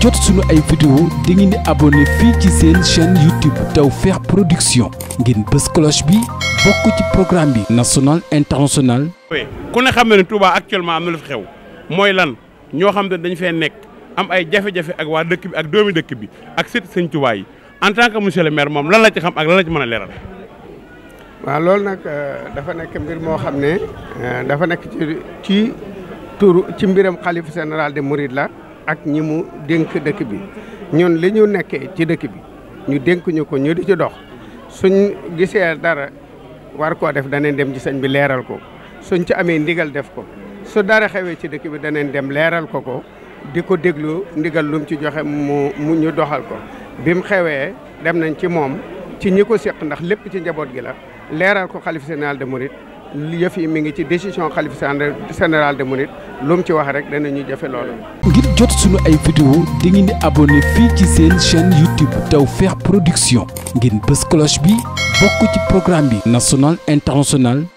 jot suñu ay vidéo da ngeen di abonné fii ci seen chaîne YouTube Tawfekh Production ngeen bës cloche bi bokk ci programme bi national international ku ne xam ne ne Touba actuellement am na lu xew mooy lan ñoo xam ne dañu fee nekk am ay jafe-jafe ak waa dëkk bi ak doomi dëkk bi ak sët sëñ Touba yi en tant que monsieur le maire moom lan la ci xam ak lan la ci mën a leeral waaw loolu nag euh, dafa nekk mbir moo xam ne euh, dafa nekk ci ci turu ci mbiram xalifa général de Mouride la ak ñi mu dénk dëkk bi ñun li ñu nekkee ci dëkk bi ñu dénk ñu ko ñu di ci dox suñ gisee dara war koo def daneen dem ci sëñ bi leeral ko suñ ci amee ndigal def ko su dara xewee ci dëkk bi danañ dem leeral ko ko di ko déglu ndigal lum ci joxe mu mu ñu doxal ko bi mu xewee dem nañ ci moom ci ñi ko séq ndax lépp ci njaboot gi la leeral ko xalif général de Mouride yëf yi mi ngi ci décision xalif général de Mouride lu ci wax rek danañu jëfe loolu. ngir jot sunu ay vidéo di ngeen di abonné fii ci seen chaîne YouTube Tawfekh Production ngeen bës cloche bi bokk ci programme bi national international.